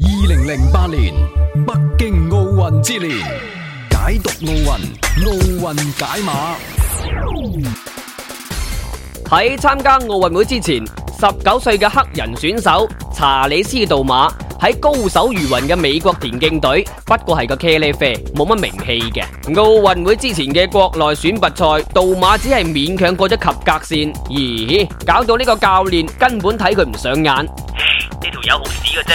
二零零八年北京奧運之年，解讀奧運，奧運解碼。喺參加奧運會之前，十九歲嘅黑人選手查理斯·杜馬喺高手如雲嘅美國田徑隊，不過係個茄喱啡，冇乜名氣嘅。奧運會之前嘅國內選拔賽，杜馬只係勉強過咗及格線，咦，咦，搞到呢個教練根本睇佢唔上眼。條友好屎嘅啫，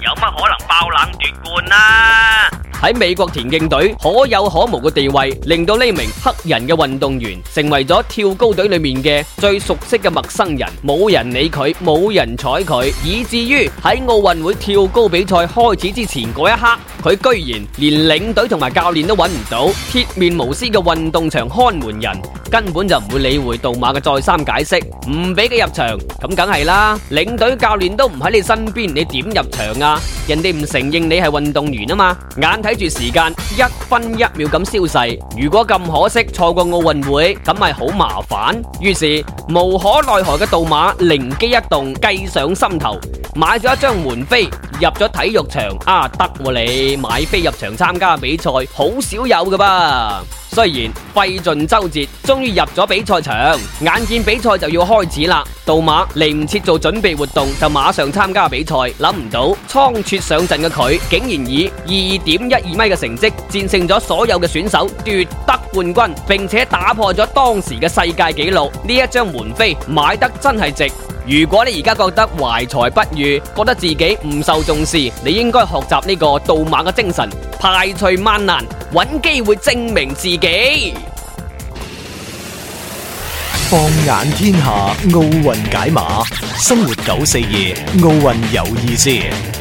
有乜可能爆冷奪冠啊？喺美國田徑隊可有可無嘅地位，令到呢名黑人嘅運動員成為咗跳高隊裏面嘅最熟悉嘅陌生人，冇人理佢，冇人睬佢，以至於喺奧運會跳高比賽開始之前嗰一刻，佢居然連領隊同埋教練都揾唔到。鐵面無私嘅運動場看門人，根本就唔會理會杜馬嘅再三解釋，唔俾佢入場咁，梗係啦。領隊教練都唔喺你身邊，你點入場啊？人哋唔承認你係運動員啊嘛。眼睇住時間一分一秒咁消逝，如果咁可惜錯過奧運會，咁咪好麻煩。於是無可奈何嘅杜馬靈機一動，計上心頭，買咗一張門飛入咗體育場。啊，得喎，你買飛入場參加比賽，好少有噶噃。雖然費盡周折，終於入咗比賽場。眼見比賽就要開始啦，杜馬嚟唔切做準備活動，就馬上參加比賽。諗唔到倉促上陣嘅佢，竟然以二點一二米嘅成績戰勝咗所有嘅選手，奪得冠軍，並且打破咗當時嘅世界紀錄。呢一張門飛買得真係值。如果你而家覺得懷才不遇，覺得自己唔受重視，你應該學習呢個杜馬嘅精神，排除萬難。揾機會證明自己，放眼天下，奧運解碼，生活九四二，奧運有意思。